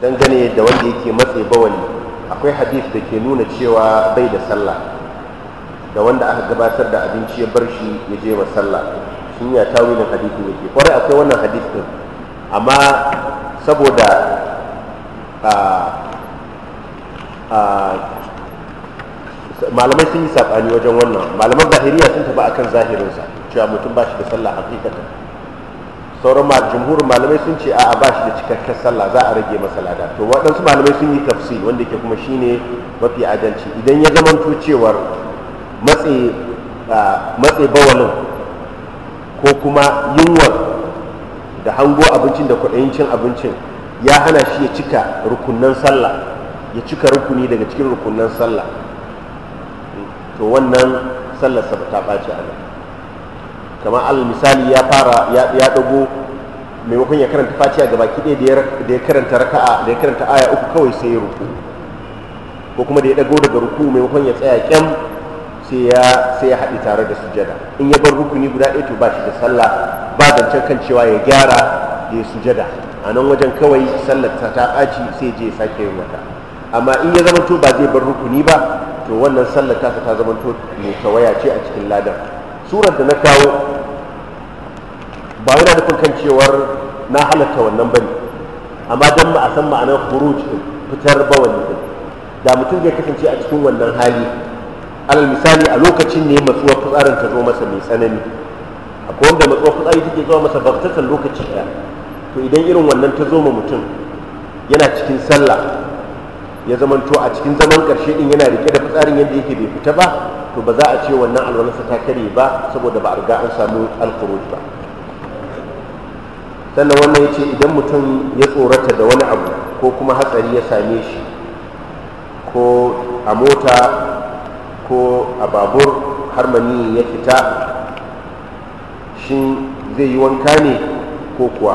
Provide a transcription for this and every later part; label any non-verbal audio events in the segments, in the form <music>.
dangane da wanda yake matse bawali akwai hadith da ke nuna cewa bai da sallah da wanda aka gabatar da abinci ya bar shi ya je wa sallah sun ya tawilin hadithin yake kwarai akwai wannan hadith din amma saboda malamai sun yi saɓani wajen wannan malaman zahiriya sun tafi akan zahirinsa cewa mutum ba shi da sallah hakikatan sauran jumhurin malamai sun ce a'a ba shi da cikakken sallah za a rage masa lada to waɗansu malamai sun yi tafsi wanda ke kuma shine mafi adalci idan ya zamanto cewar matse bawalin ko kuma yunwar da hango abincin da kwaɗayin cin abincin ya hana shi ya cika rukunan sallah ya cika rukuni daga cikin rukunan sallah to wannan sallarsa sa ta ɓaci a nan kamar alal misali ya fara ya dago maimakon ya karanta fatiha ga baki ɗaya da ya karanta raka'a da ya karanta aya uku kawai sai ya ruku ko kuma da ya dago daga ruku maimakon ya tsaya kyam sai ya sai ya haɗi tare da sujada in ya bar rukuni guda ɗaya to ba shi da sallah ba zancen kan cewa ya gyara da ya sujada a nan wajen kawai sallar ta ta ɓaci sai je ya sake yin wata amma in ya zamanto ba zai bar rukuni ba to wannan sallar ta ta zamanto mai tawaya ce a cikin ladar surar da na kawo ba yana nufin kan cewar na halatta wannan bane amma dan ma a san ma'anar khuruj din fitar bawali din da mutum zai kasance a cikin wannan hali alal misali a lokacin ne matsuwar fitsarin ta zo masa mai tsanani akwai wanda matsuwar fitsari take zuwa masa baktatan lokaci ɗaya to idan irin wannan ta zo ma mutum yana cikin sallah ya zamanto a cikin zaman ƙarshe din yana rike da fitsarin yadda yake bai fita ba to ba za a ce wannan alwalarsa ta kare ba saboda ba a riga an samu alkhuruj ba sannan wannan ya ce idan mutum ya tsorata da wani abu ko kuma hatsari ya same shi ko a mota ko a babur har mani ya fita shi zai yi wanka ne ko kuwa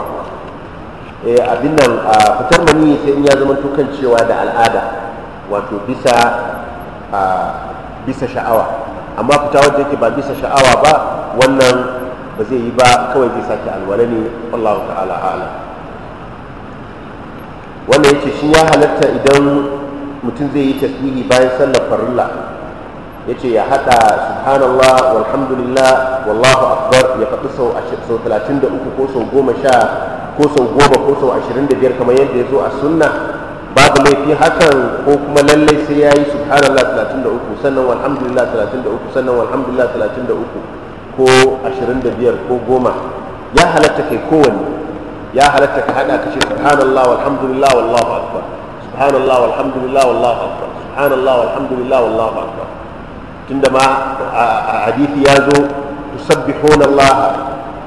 eh, abin nan a fitar mani sai in ya zama tukan cewa da al'ada wato bisa bisa sha'awa amma fita wajen yake ba bisa sha'awa ba wannan ba zai yi ba kawai zai sake alwala ne Allah ta'ala a'lam wannan yake shi ya halatta idan mutum zai yi tasbihi bayan sallar farilla yace ya hada subhanallah walhamdulillah wallahu akbar ya faɗi sau 33 ko sau 10 ko sau 10 ko sau 25 kamar yadda ya zo a sunna babu laifi hakan ko kuma lallai sai ya yi subhanallah 33 sannan walhamdulillah 33 sannan walhamdulillah 33 ko 25 ko goma ya halatta kai kowanne ya halatta ka hada ka ce subhanallah walhamdulillah wallahu akbar subhanallah walhamdulillah wallahu akbar subhanallah walhamdulillah wallahu akbar tunda ma a hadisi ya zo tusabbihuna Allah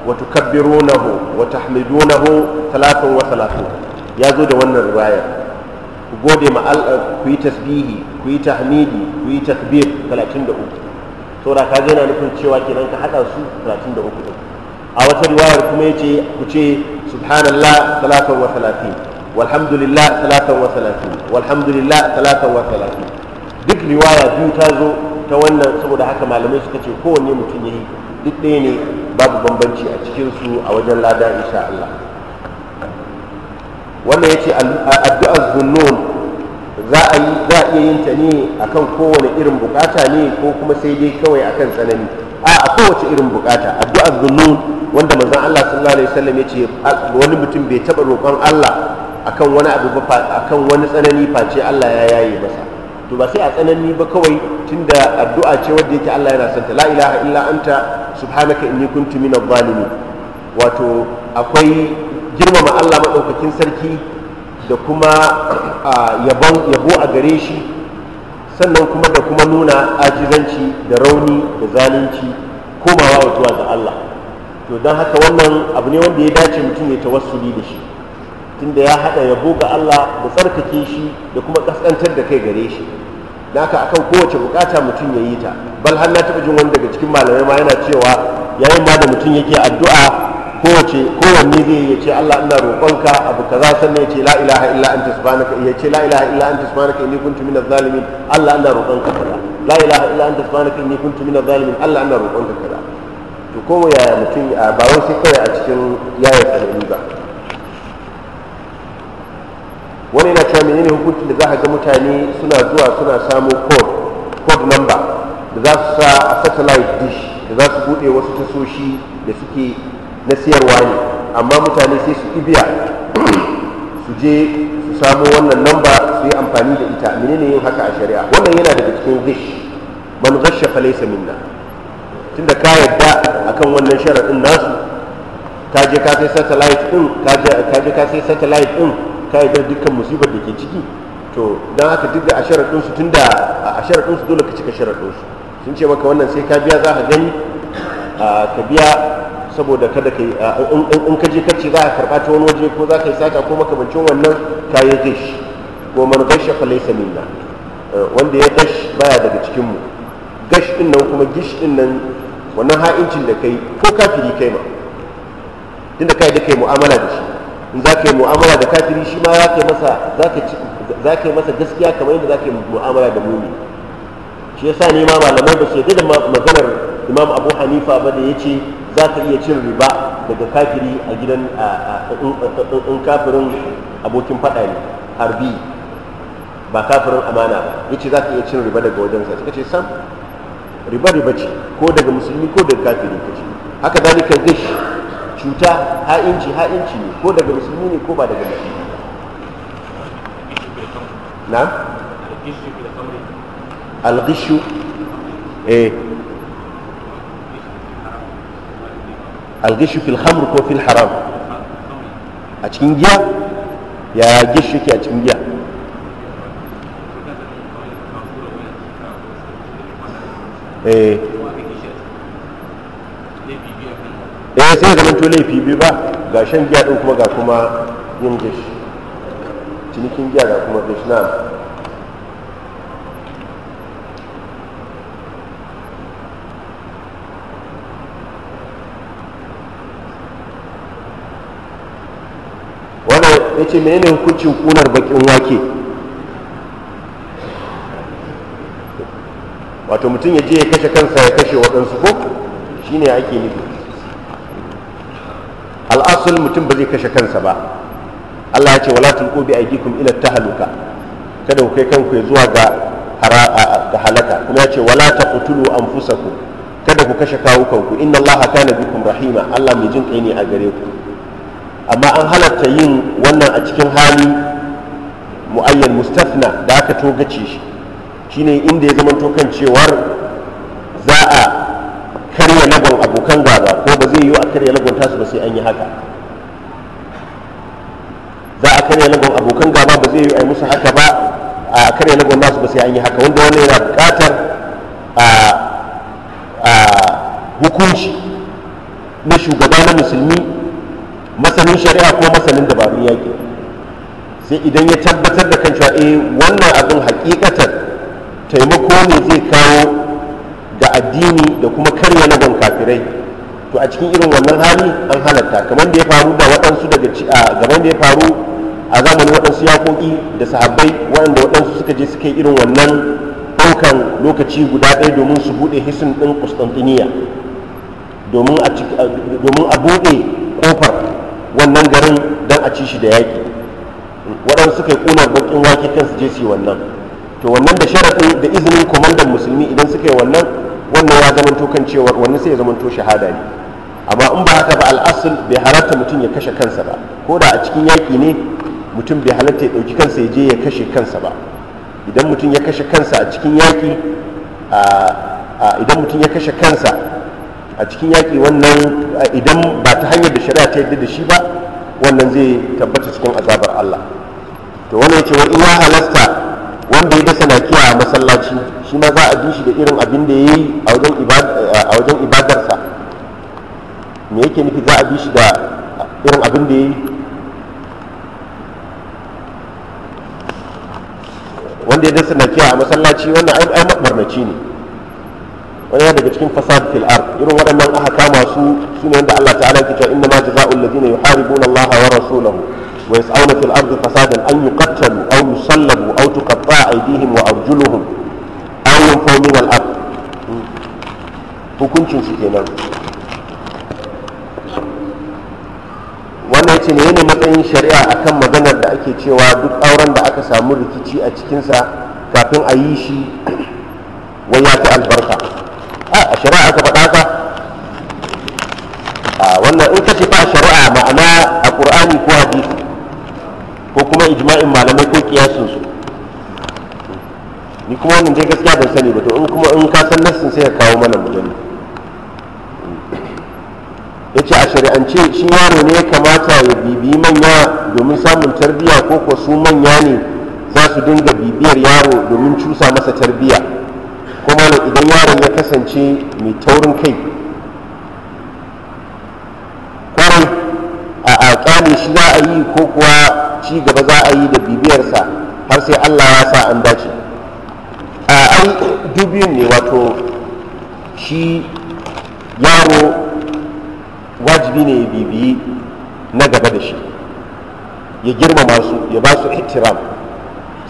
wa tukabbirunahu wa tahmidunahu 33 ya zo da wannan riwayar ku gode ma ku yi tasbihi ku yi tahmidi ku yi takbir 33 saura ka ga yana nufin cewa kenan ka haɗa su 33 din a wata riwayar kuma ya ce ku ce subhanallah 33 walhamdulillah 33 walhamdulillah 33 duk riwaya biyu ta zo ta wannan saboda haka malamai suka ce kowanne mutum ya yi duk ɗaya ne babu bambanci a cikinsu a wajen lada insha Allah wannan ya ce addu'ar zunnun za a za a iya yin ta ne a akan kowane irin bukata ne ko kuma sai dai kawai a kan tsanani a kowace irin bukata addu'ar zunun wanda mazan Allah sallallahu alaihi wasallam ce wani mutum bai taba roƙon Allah akan wani abu ba akan wani tsanani face Allah ya yaye masa to ba sai a tsanani ba kawai tunda addu'a ce wadda yake Allah yana santa la ilaha illa anta subhanaka inni kuntu minadh zalimin wato akwai girmama Allah madaukakin sarki da kuma yabo a gare shi sannan kuma da kuma nuna ajizanci da rauni da zalunci komawa zuwa ga Allah to don haka wannan abu ne wanda ya dace mutum ya tawassuli da shi tunda ya haɗa yabo ga Allah da tsarkake shi da kuma kaskantar da kai gare shi da haka akan kowace bukata mutum ya yi ta bal har na taɓa jin wani daga cikin malamai ma yana cewa yayin ma da mutum yake addu'a kowace kowanne zai ya ce Allah ina roƙonka abu kaza sannan ya ce la ilaha illa anta subhanaka ya ce la ilaha illa anta subhanaka inni kuntu minaz zalimin Allah ina roƙonka kaza la ilaha illa anta subhanaka inni kuntu minaz zalimin Allah ina roƙonka kaza to ko ya mutum ba wai sai kawai a cikin yaya sanin ba wani yana cewa menene hukuncin da za ka ga mutane suna zuwa suna samu code code number da za su sa a satellite dish da za su buɗe wasu tasoshi da suke na siyarwa ne amma mutane sai su ibiya <clears throat> su je su samu wannan lamba su yi amfani da ita ne yin haka a shari'a wannan yana daga cikin gish man gasha fa laysa tunda ka yadda akan wannan sharaɗin nasu ka je ka sai satellite din ka je ka sai satellite din ka yadda dukkan musibar da ke ciki to don haka duk da a sharaɗin su tunda a sharaɗin dole ka cika sharaɗin su sun ce maka wannan sai ka biya za ka gani ka biya saboda kada ka in ka je kacce za a karɓa ta wani waje ko za ka yi sata ko makamancin wannan ka yi gash ko man gasha fa laysa minna eh, wanda ya gash baya daga cikinmu gash ɗin nan kuma gish ɗin nan wannan ha'incin da kai ko kafiri kai ma tunda kai da kai mu'amala da shi in za ka yi mu'amala da kafiri shi ma za ka yi masa gaskiya kamar yadda za ka yi mu'amala da mumi shi yasa ne ma malamai ba su yadda da maganar imam abu hanifa ba da ya ce za ka iya cin riba daga kafiri a gidan in kafirin abokin faɗa ne harbi ba kafirin amana ba ya ce za ka iya cin riba daga wajensa suka ce sam riba riba ce ko daga musulmi ko daga kafiri ka ce haka zalika gish cuta ha'inci ha'inci ne ko daga musulmi ne ko ba daga musulmi na al eh algishu fil hamr ko fil haram a cikin giya ya gishu yake a cikin giya eh sai zama to laifi biyu ba ga shan giya din kuma ga kuma yin gishu cinikin giya ga kuma gishu na ya ce menene hukuncin kunar bakin wake wato mutum ya je ya kashe kansa ya kashe waɗansu ko shi ne ake nufi al'asul mutum ba zai kashe kansa ba allah ya ce wala tulqu bi aydikum ila tahluka kada ku kai kanku ya zuwa ga ga halaka kuma ya ce wala taqtulu anfusakum kada ku kashe kawukanku inna allaha kana bikum rahima allah mai jin kai ne a gare ku amma an halatta yin wannan a cikin hali mu'ayyan mustafna da aka togace shi shine inda ya zama tokan cewar za a karya lagon abokan gaba ko ba zai yi a karya lagon tasu ba sai an yi haka za a karya lagon abokan gaba ba zai yi a yi musu haka ba a karya lagon nasu ba sai an yi haka wanda wani yana buƙatar a hukunci na shugaba na musulmi masanin shari'a ko masanin dabarun yaƙi sai idan ya tabbatar da kan cewa eh wannan abin hakikatar taimako ne zai kawo ga addini da kuma karya na kafirai to a cikin irin wannan hali an halatta kamar da ya faru da waɗansu daga gaban da ya faru a zamanin waɗansu yaƙoƙi da sahabbai waɗanda waɗansu suka je suka yi irin wannan ɗaukan lokaci guda ɗaya domin su buɗe hisin ɗin ƙustantiniya domin a buɗe ƙofar wannan garin don a ci shi da yaƙi waɗansu suka yi ƙunar baƙin wake su je su yi wannan to wannan da sharaɗin da izinin kwamandan musulmi idan suka yi wannan wannan ya zamanto kan cewar wannan sai ya zamanto shahada ne amma in ba haka ba al'asul bai halatta mutum ya kashe kansa ba ko da a cikin yaƙi ne mutum bai halatta ya ɗauki kansa ya je ya kashe kansa ba idan mutum ya kashe kansa a cikin yaƙi idan mutum ya kashe kansa a cikin yaƙi wannan idan ba ta hanyar da shari'a ta yadda da shi ba wannan zai tabbata cikin azabar Allah to wannan yace wa in halasta wanda ya dasa nakiya a masallaci shi ma za a bi shi da irin abin da yayi a wajen a wajen ibadarsa me yake nufi za a bi shi da irin abin da yayi wanda ya dasa nakiya a masallaci wannan ai mabarnaci ne wani daga cikin fasad fil irin waɗannan aka kama su su ne Allah ta'ala ke cewa inna ma jaza'ul ladina yuharibuna Allah wa rasulahu wa yas'awna fil ardi fasadan an yuqattalu aw yusallabu aw tuqatta'a aydihim wa arjuluhum aw yunfaw min al ard hukuncin su kenan wannan yace ne matsayin shari'a akan maganar da ake cewa duk auren da aka samu rikici a cikinsa kafin a yi shi wai ya fi albarka a shari'a aka faɗa ka kuma ijma'in malamai ko kiyasin su ni kuma wannan dai gaskiya ban sani ba to in kuma in ka san nassin sai ka kawo mana mu gani yace a shari'ance shi yaro ne ya kamata ya bibi manya domin samun tarbiyya ko ko su manya ne za su dinga bibiyar yaro domin cusa masa tarbiya kuma idan yaron ya kasance mai taurin kai a kyale shi za a yi ko kuwa ci gaba za a yi da bibiyarsa har sai allah ya sa an dace a an dubi ne wato shi yaro wajibi ne ya bibiyi na gaba da shi ya girmama su ya ba su ittiram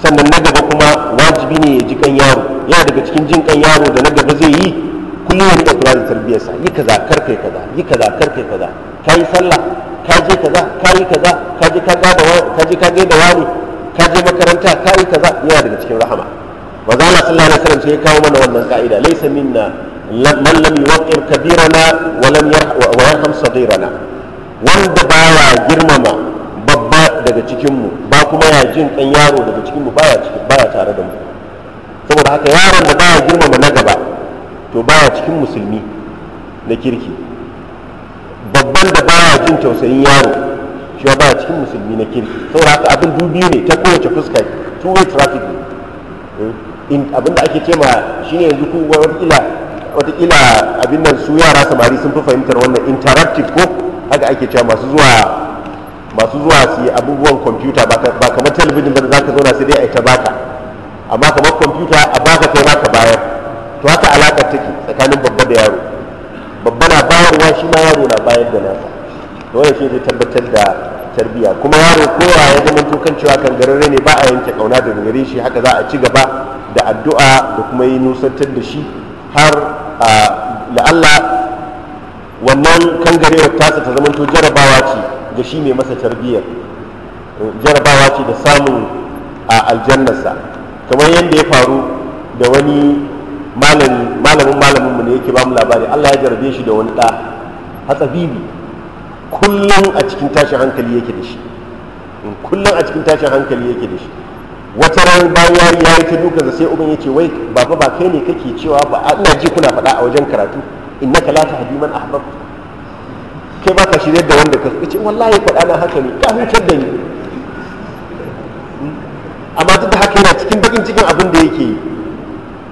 sannan na gaba kuma wajibi ne ya ji kan yaro yana daga cikin jin kan yaro da na gaba zai yi kullum ya rika kula da tarbiyyarsa, yi kaza karfe kaza yi kaza karfe kaza ka yi sallah ka je kaza ka yi kaza ka je ka ga da ka je ka ga da wani ka je makaranta ka yi kaza yana daga cikin rahama manzo Allah sallallahu alaihi wasallam sai ya kawo mana wannan ka'ida laysa minna man lam yuwaqqir kabirana wa lam yarham saghirana wanda ya girmama babba daga cikin mu ba kuma ya jin kan yaro daga cikin mu baya cikin baya tare da mu saboda haka yaron da ba ya girmama na gaba to baya cikin musulmi na kirki kan da baya jin tausayin yaro shi ba baya cikin musulmi na kirki saboda haka abin dubi ne ta kowace fuska two way traffic ne eh, abin da ake cewa shine yanzu ku wata watakila abin nan su yara samari sun fi fahimtar wannan interactive ko haka ake cewa masu zuwa masu zuwa su yi abubuwan kwamfuta ba kamar talabijin ba da za ka zauna sai dai a ta baka amma kamar kwamfuta a baka kai za ka bayar to haka alaƙar take tsakanin babba da yaro bayar da nasa wannan shi zai tabbatar da tarbiyya kuma yaro kowa ya zama tukan cewa kan gararre ne ba a yanke kauna daga gare shi haka za a ci gaba da addu'a da kuma yi nusantar da shi har a la'alla wannan kangarewar tasa ta zamanto jarabawa ce ga shi mai masa tarbiyyar jarabawa ce da samun a aljannarsa kamar yadda ya faru da wani malamin malamin mu ne yake ba mu labari allah ya jarabe shi da wani ɗa hatsabibi kullum a cikin tashin hankali yake da shi kullum a cikin tashin hankali yake da shi wata ran bayan ya yi ta da sai ubin ya ce wai baba ba kai ne kake cewa ba a ina ji kuna faɗa a wajen karatu innaka la tahdi a ahbabta kai ba ka shirya da wanda ka ce wallahi faɗa na haka ne ka hutar da ni amma duk da haka yana cikin bakin cikin abin da yake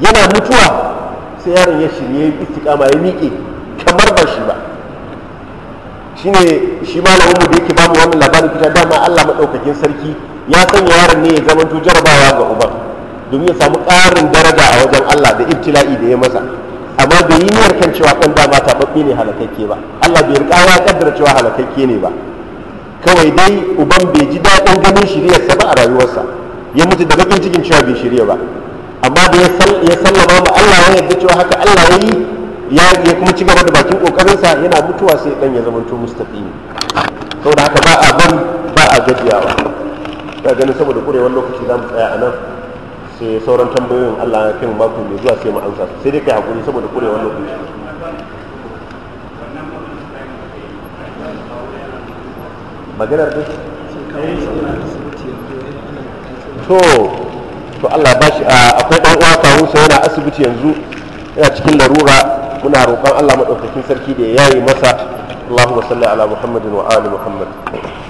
yana mutuwa sai yaron ya shirye istiqama ya miƙe kamar ba shi ba shine shi malamin mu da yake bamu wannan labarin kita dama Allah madaukakin sarki ya sanya yaron ne ya zama zamanto jarabawa ga uban domin ya samu ƙarin daraja a wajen Allah da ibtila'i da ya masa amma bai yi niyyar kan cewa ɗan dama taɓaɓɓe ne halakakke ba Allah bai riƙa ya kaddara cewa halakakke ne ba kawai dai uban bai ji daɗin ganin shiryarsa ba a rayuwarsa ya mutu da bakin cikin cewa bai shirya ba amma da ya sallama ma Allah ya yarda cewa haka Allah ya yi ya kuma ci gaba da bakin kokarinsa yana mutuwa sai dan ya to mustaqimi saboda haka ba a ban ba a gajiyawa ga ganin saboda wannan lokaci za mu tsaya a nan sai sauran tambayoyin Allah ya kai mu mako mai zuwa sai mu amsa sai dai kai hakuri saboda wannan lokaci maganar da to to Allah ba shi akwai dan uwa kawunsa yana asibiti yanzu yana cikin larura muna roƙon Allah madaukakin sarki da ya yi masa Allahumma salli ala Muhammadin wa ali Muhammad